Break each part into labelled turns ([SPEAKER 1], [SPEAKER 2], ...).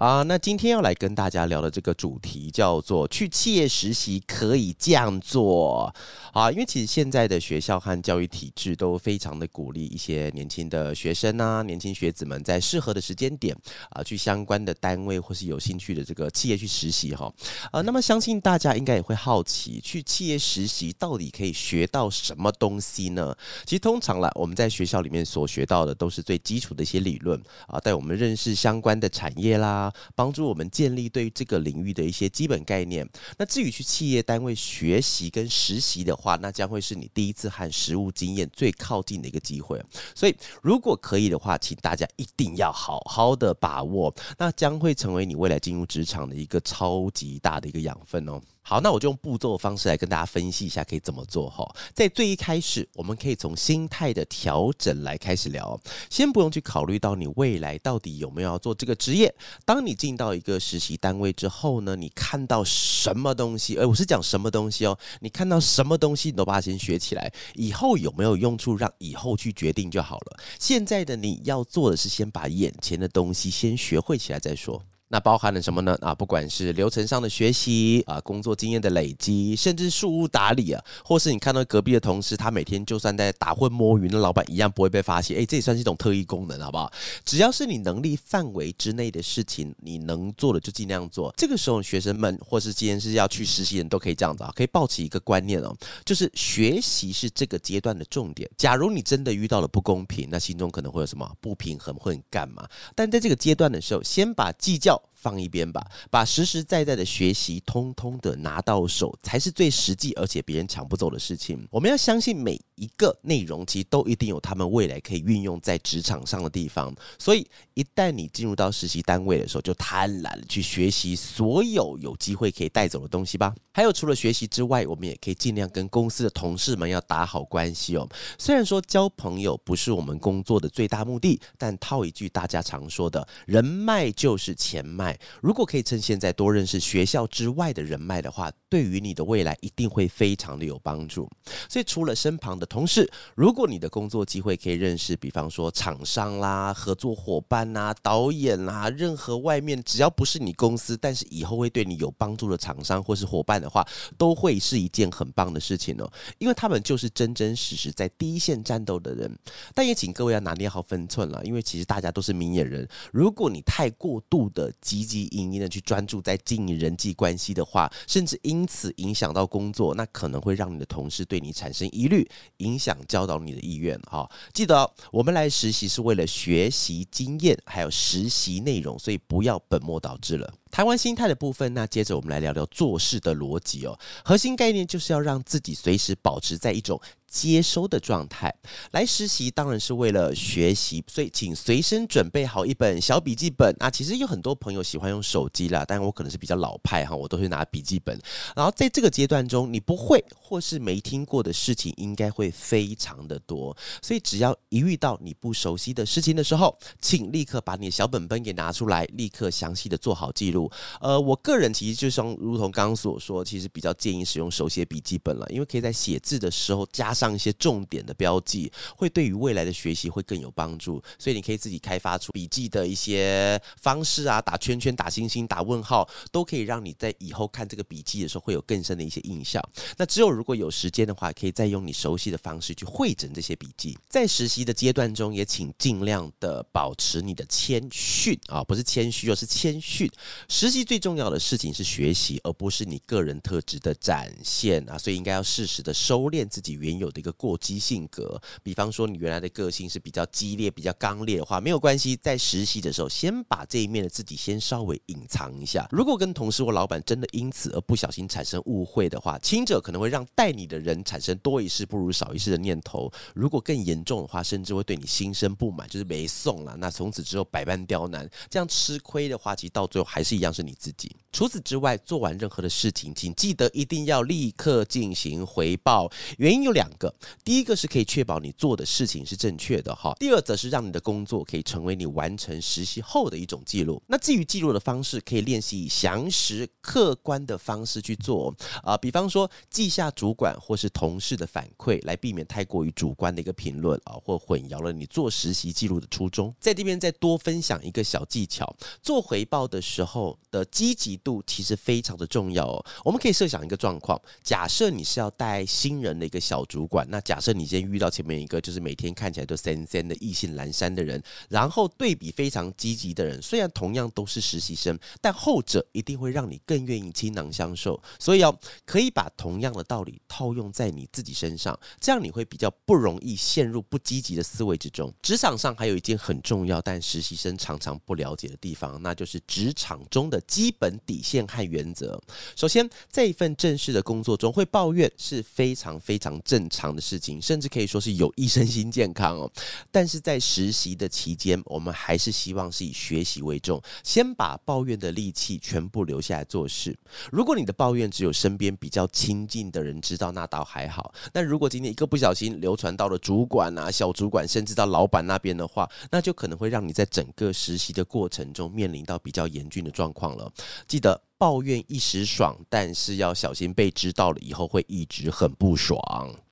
[SPEAKER 1] 啊，那今天要來跟大家聊的這個主題叫做去企業實習可以這樣做啊，因為其實現在的學校和教育體制都非常的鼓勵一些年輕的學生啊、年輕學子們在適合的時間點啊，去相關的單位或是有興趣的這個企業去實習哈。呃、啊，那麼相信大家應該也會好奇，去企業實習到底可以學到什麼東西呢？其實通常了，我們在學校裡面所學到的都是最基礎的一些理論啊，帶我們認識相關的產業啦。幫助我們建立對於這個領域的一些基本概念。那至於去企業單位學習跟實習的話，那將會是你第一次和實務經驗最靠近的一個機會。所以，如果可以的話，請大家一定要好好的把握，那將會成為你未來進入職場的一個超級大的一個養分哦。好，那我就用步驟的方式來跟大家分析一下，可以怎麼做哈。在最一開始，我們可以從心態的調整來開始聊。先不用去考慮到你未來到底有沒有要做這個職業。當你進到一個實習單位之後呢，你看到什麼東西？誒，我是講什麼東西哦？你看到什麼東西，你都把它先學起來。以後有沒有用處讓，讓以後去決定就好了。現在的你要做的是，先把眼前的東西先學會起來再說。那包含了什麼呢？啊，不管是流程上的學習啊，工作經驗的累積，甚至事務打理啊，或是你看到隔壁的同事，他每天就算在打混摸魚，那老闆一樣不會被發現。誒、哎，這也算是一種特異功能，好不好？只要是你能力範圍之內的事情，你能做的就盡量做。這個時候，學生們或是今天是要去實習的人都可以這樣子啊，可以抱持一個觀念哦，就是學習是這個階段的重點。假如你真的遇到了不公平，那心中可能會有什麼不平衡，會幹嘛？但在這個階段的時候，先把計較。放一邊吧，把實實在在的學習通通的拿到手，才是最實際而且別人搶不走的事情。我們要相信每一個內容其實都一定有他們未來可以運用在職場上的地方，所以一旦你進入到實習單位的時候，就貪婪的去學習所有有機會可以帶走的東西吧。還有，除了學習之外，我們也可以盡量跟公司的同事們要打好關係哦。雖然說交朋友不是我們工作的最大目的，但套一句大家常說的人脈就是錢脈，如果可以趁現在多認識學校之外的人脈的話，對於你的未來一定會非常的有幫助。所以，除了身旁的。同時，如果你的工作機會可以認識，比方說廠商啦、合作夥伴啦、導演啦，任何外面只要不是你公司，但是以後會對你有幫助的廠商或是夥伴的話，都會是一件很棒的事情哦，因為他們就是真真實實在第一線戰鬥的人。但也請各位要拿捏好分寸啦，因為其實大家都是明眼人，如果你太過度的汲汲營營的去專注在經營人際關係的話，甚至因此影響到工作，那可能會讓你的同事對你產生疑慮。影響教導你的意願啊，哦！記得，哦，我們來實習是為了學習經驗，還有實習內容，所以不要本末倒置了。台灣談完心態的部分，那接着我們來聊聊做事的邏輯哦。核心概念就是要讓自己隨時保持在一種接收的狀態。來實習當然是為了學習，所以請隨身準備好一本小筆記本啊。其實有很多朋友喜歡用手機啦，但我可能是比較老派哈，我都會拿筆記本。然後在這個階段中，你不會或是沒聽過的事情應該會非常的多，所以只要一遇到你不熟悉的事情的時候，請立刻把你的小本本給拿出來，立刻詳細的做好記錄。呃，我個人其實就像如同剛剛所說，其實比較建議使用手寫筆記本了，因為可以在寫字的時候加上一些重點的標記，會對於未來的學習會更有幫助。所以你可以自己開發出筆記的一些方式啊，打圈圈、打星星、打問號，都可以讓你在以後看這個筆記的時候會有更深的一些印象。那之後如果有時間的話，可以再用你熟悉的方式去彙整這些筆記。在實習的階段中，也請盡量的保持你的謙遜啊，不是謙虛，而是謙遜。實習最重要的事情是學習，而不是你個人特質的展現啊！所以應該要適時的收斂自己原有的一個過激性格。比方說，你原來的個性是比較激烈、比較剛烈的話，沒有關係。在實習的時候，先把這一面的自己先稍微隱藏一下。如果跟同事或老闆真的因此而不小心產生誤會的話，輕者可能會讓帶你的人產生多一事不如少一事的念頭；如果更嚴重的話，甚至會對你心生不滿，就是沒送了。那從此之後百般刁難，這樣吃虧的話，其實到最後還是。一樣是你自己。除此之外，做完任何的事情，請記得一定要立刻進行回報。原因有兩個：第一個是可以確保你做的事情是正確的哈；第二則是讓你的工作可以成為你完成實習後的一種記錄。那至於記錄的方式，可以練習以詳實、客觀的方式去做啊、呃。比方說，記下主管或是同事的反饋，來避免太過於主觀的一個評論啊、呃，或混淆了你做實習記錄的初衷。在這邊再多分享一個小技巧：做回報的時候，的積極度其實非常的重要哦。我們可以設想一個狀況：假設你是要帶新人的一個小主管，那假設你今天遇到前面一個就是每天看起來都散散的意興闌珊的人，然後對比非常積極的人，雖然同樣都是實習生，但後者一定會讓你更願意傾囊相授。所以哦，可以把同樣的道理套用在你自己身上，這樣你會比較不容易陷入不積極的思維之中。職場上還有一件很重要，但實習生常常不了解的地方，那就是職場中。中的基本底線和原則。首先，這一份正式的工作中，會抱怨是非常非常正常的事情，甚至可以說是有益身心健康哦。但是在實習的期間，我們還是希望是以學習為重，先把抱怨的力氣全部留下來做事。如果你的抱怨只有身邊比較親近的人知道，那倒還好；那如果今天一個不小心流傳到了主管啊、小主管，甚至到老板那邊的話，那就可能會讓你在整個實習的過程中面臨到比較嚴峻的狀。狀況了，記得抱怨一時爽，但是要小心被知道了，以後會一直很不爽。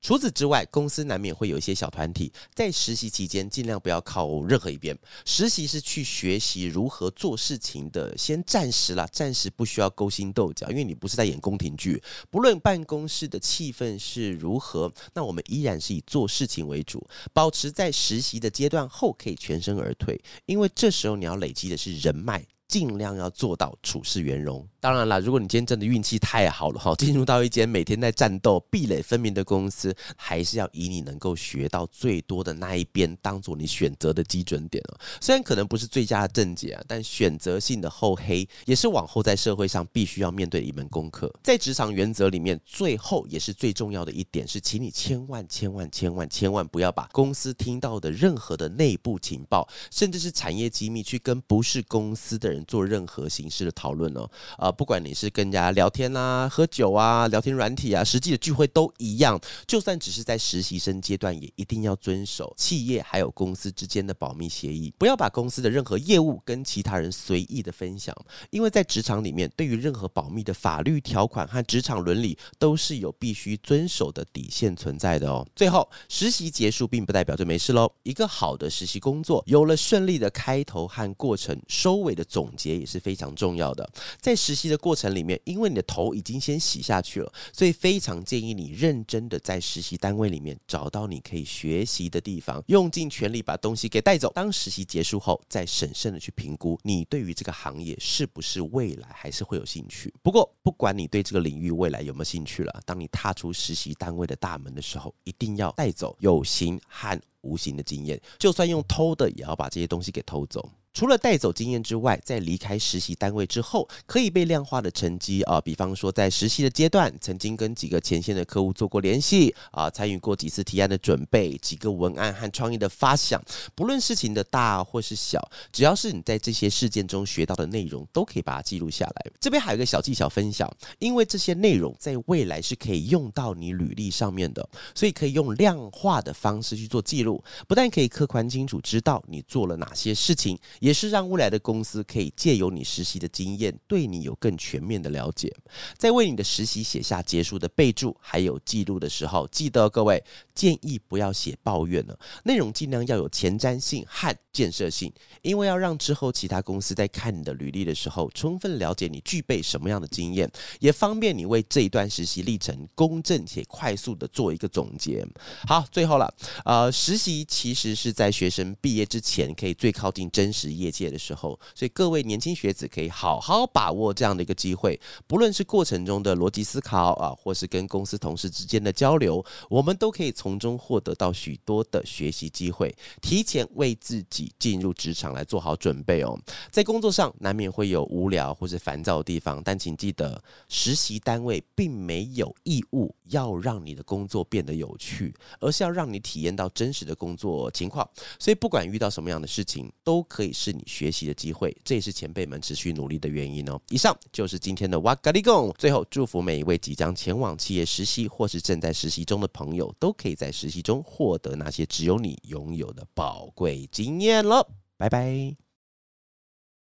[SPEAKER 1] 除此之外，公司難免會有一些小團體，在實習期間儘量不要靠任何一邊。實習是去學習如何做事情的，先暫時啦，暫時不需要勾心鬥角，因為你不是在演宮廷劇。不論辦公室的氣氛是如何，那我們依然是以做事情為主，保持在實習的階段後可以全身而退，因為這時候你要累積的是人脈。盡量要做到處事圓融。當然了，如果你今天真的運氣太好了哈，進入到一間每天在戰鬥、壁壘分明的公司，還是要以你能夠學到最多的那一邊當做你選擇的基準點哦。雖然可能不是最佳的正解，但選擇性的厚黑也是往後在社會上必須要面對的一門功課。在職場原則裡面，最後也是最重要的一點是，請你千萬千萬千萬千萬千萬不要把公司聽到的任何的內部情報，甚至是產業機密，去跟不是公司的人做任何形式的討論哦，呃不管你是跟人家聊天吶、啊、喝酒啊、聊天軟體啊，實際的聚會都一樣。就算只是在實習生階段，也一定要遵守企業還有公司之間的保密協議，不要把公司的任何業務跟其他人隨意的分享。因為在職場裡面，對於任何保密的法律條款和職場倫理，都是有必須遵守的底線存在的哦。最後，實習結束並不代表就沒事嘍。一個好的實習工作，有了順利的開頭和過程，收尾的總結也是非常重要的。在實習實習的過程裡面，因為你的頭已經先洗下去了，所以非常建議你認真的在實習單位裡面找到你可以學習的地方，用盡全力把東西給帶走。當實習結束後，再審慎的去評估你對於這個行業是不是未來還是會有興趣。不過，不管你對這個領域未來有沒有興趣了，當你踏出實習單位的大門的時候，一定要帶走有形和無形的經驗，就算用偷的，也要把這些東西給偷走。除了帶走經驗之外，在離開實習單位之後，可以被量化的成績啊、呃，比方說在實習的階段，曾經跟幾個前線的客戶做過聯繫啊，呃，參與過幾次提案的準備，幾個文案和創意的發想，不論事情的大或是小，只要是你在這些事件中學到的內容，都可以把它記錄下來。這邊還有一個小技巧分享，因為這些內容在未來是可以用到你履歷上面的，所以可以用量化的方式去做記錄，不但可以客觀清楚知道你做了哪些事情。也是讓未來的公司可以借由你實習的經驗，對你有更全面的了解。在為你的實習寫下結束的備註還有記錄的時候，記得哦，各位，建議不要寫抱怨了，內容盡量要有前瞻性和建設性，因為要讓之後其他公司在看你的履歷的時候，充分了解你具備什麼樣的經驗，也方便你為這一段實習歷程公正且快速的做一個總結。好，最後了，呃，實習其實是在學生畢業之前，可以最靠近真實業界的時候，所以各位年輕學子可以好好把握這樣的一個機會。不論是過程中的邏輯思考啊，或是跟公司同事之間的交流，我們都可以從中獲得到許多的學習機會，提前為自己進入職場來做好準備哦。在工作上難免會有無聊或是煩躁的地方，但請記得，實習單位並沒有義務要讓你的工作變得有趣，而是要讓你體驗到真實的工作情況。所以，不管遇到什麼樣的事情，都可以。是你學習的機會，這也是前輩們持續努力的原因哦。以上就是今天的 WA 嘎哩供。最後，祝福每一位即將前往企業實習或是正在實習中的朋友，都可以在實習中獲得那些只有你擁有的寶貴經驗了。拜拜。